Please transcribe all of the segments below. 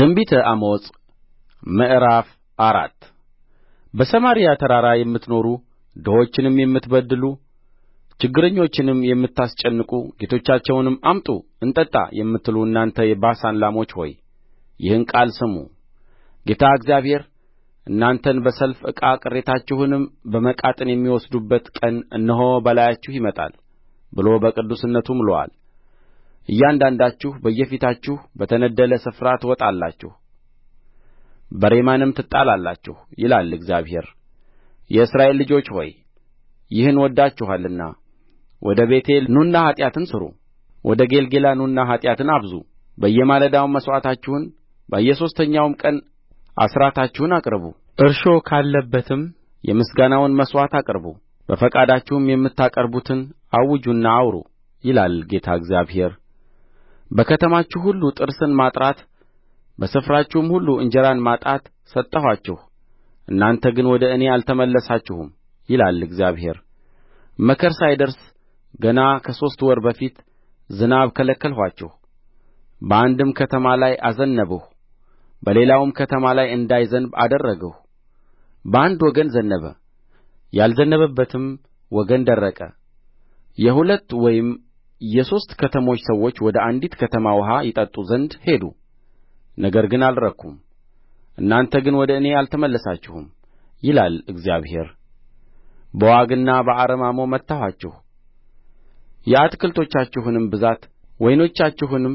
ትንቢተ አሞጽ ምዕራፍ አራት በሰማርያ ተራራ የምትኖሩ ድሆችንም የምትበድሉ ችግረኞችንም የምታስጨንቁ ጌቶቻቸውንም አምጡ እንጠጣ የምትሉ እናንተ የባሳን ላሞች ሆይ ይህን ቃል ስሙ ጌታ እግዚአብሔር እናንተን በሰልፍ ዕቃ ቅሬታችሁንም በመቃጥን የሚወስዱበት ቀን እነሆ በላያችሁ ይመጣል ብሎ በቅዱስነቱ ምሎአል እያንዳንዳችሁ በየፊታችሁ በተነደለ ስፍራ ትወጣላችሁ በሬማንም ትጣላላችሁ ይላል እግዚአብሔር የእስራኤል ልጆች ሆይ ይህን ወድዳችኋልና ወደ ቤቴል ኑና ኃጢአትን ሥሩ ወደ ጌልገላ ኑና ኃጢአትን አብዙ በየማለዳውም መሥዋዕታችሁን በየሦስተኛውም ቀን አሥራታችሁን አቅርቡ እርሾ ካለበትም የምስጋናውን መሥዋዕት አቅርቡ በፈቃዳችሁም የምታቀርቡትን አውጁና አውሩ ይላል ጌታ እግዚአብሔር በከተማችሁ ሁሉ ጥርስን ማጥራት በስፍራችሁም ሁሉ እንጀራን ማጣት ሰጠኋችሁ እናንተ ግን ወደ እኔ አልተመለሳችሁም ይላል እግዚአብሔር መከር ሳይደርስ ገና ከሦስት ወር በፊት ዝናብ ከለከልኋችሁ በአንድም ከተማ ላይ አዘነብሁ በሌላውም ከተማ ላይ እንዳይዘንብ አደረግሁ በአንድ ወገን ዘነበ ያልዘነበበትም ወገን ደረቀ የሁለት ወይም የሦስት ከተሞች ሰዎች ወደ አንዲት ከተማ ውኃ ይጠጡ ዘንድ ሄዱ ነገር ግን አልረኩም እናንተ ግን ወደ እኔ አልተመለሳችሁም ይላል እግዚአብሔር በዋግና በአረማሞ መታኋችሁ የአትክልቶቻችሁንም ብዛት ወይኖቻችሁንም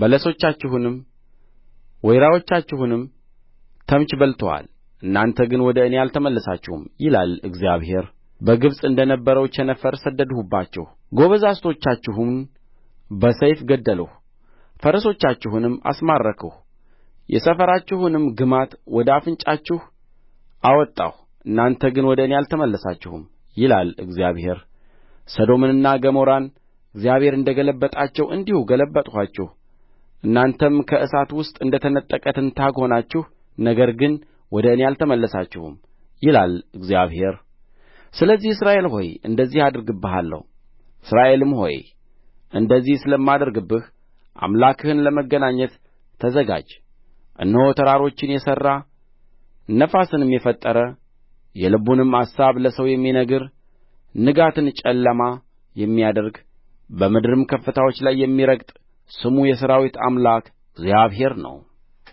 በለሶቻችሁንም ወይራዎቻችሁንም ተምች በልቶአል እናንተ ግን ወደ እኔ አልተመለሳችሁም ይላል እግዚአብሔር በግብጽ እንደ ነበረው ቸነፈር ሰደድሁባችሁ ጐበዛዝቶቻችሁን በሰይፍ ገደልሁ ፈረሶቻችሁንም አስማረክሁ የሰፈራችሁንም ግማት ወደ አፍንጫችሁ አወጣሁ እናንተ ግን ወደ እኔ አልተመለሳችሁም ይላል እግዚአብሔር ሰዶምንና ገሞራን እግዚአብሔር እንደ ገለበጣቸው እንዲሁ ገለበጥኋችሁ እናንተም ከእሳት ውስጥ እንደ ተነጠቀ ትንታግ ሆናችሁ ነገር ግን ወደ እኔ አልተመለሳችሁም ይላል እግዚአብሔር ስለዚህ እስራኤል ሆይ እንደዚህ አደርግብሃለሁ እስራኤልም ሆይ እንደዚህ ስለማደርግብህ አምላክህን ለመገናኘት ተዘጋጅ እነሆ ተራሮችን የሠራ ነፋስንም የፈጠረ የልቡንም አሳብ ለሰው የሚነግር ንጋትን ጨለማ የሚያደርግ በምድርም ከፍታዎች ላይ የሚረግጥ ስሙ የሠራዊት አምላክ እግዚአብሔር ነው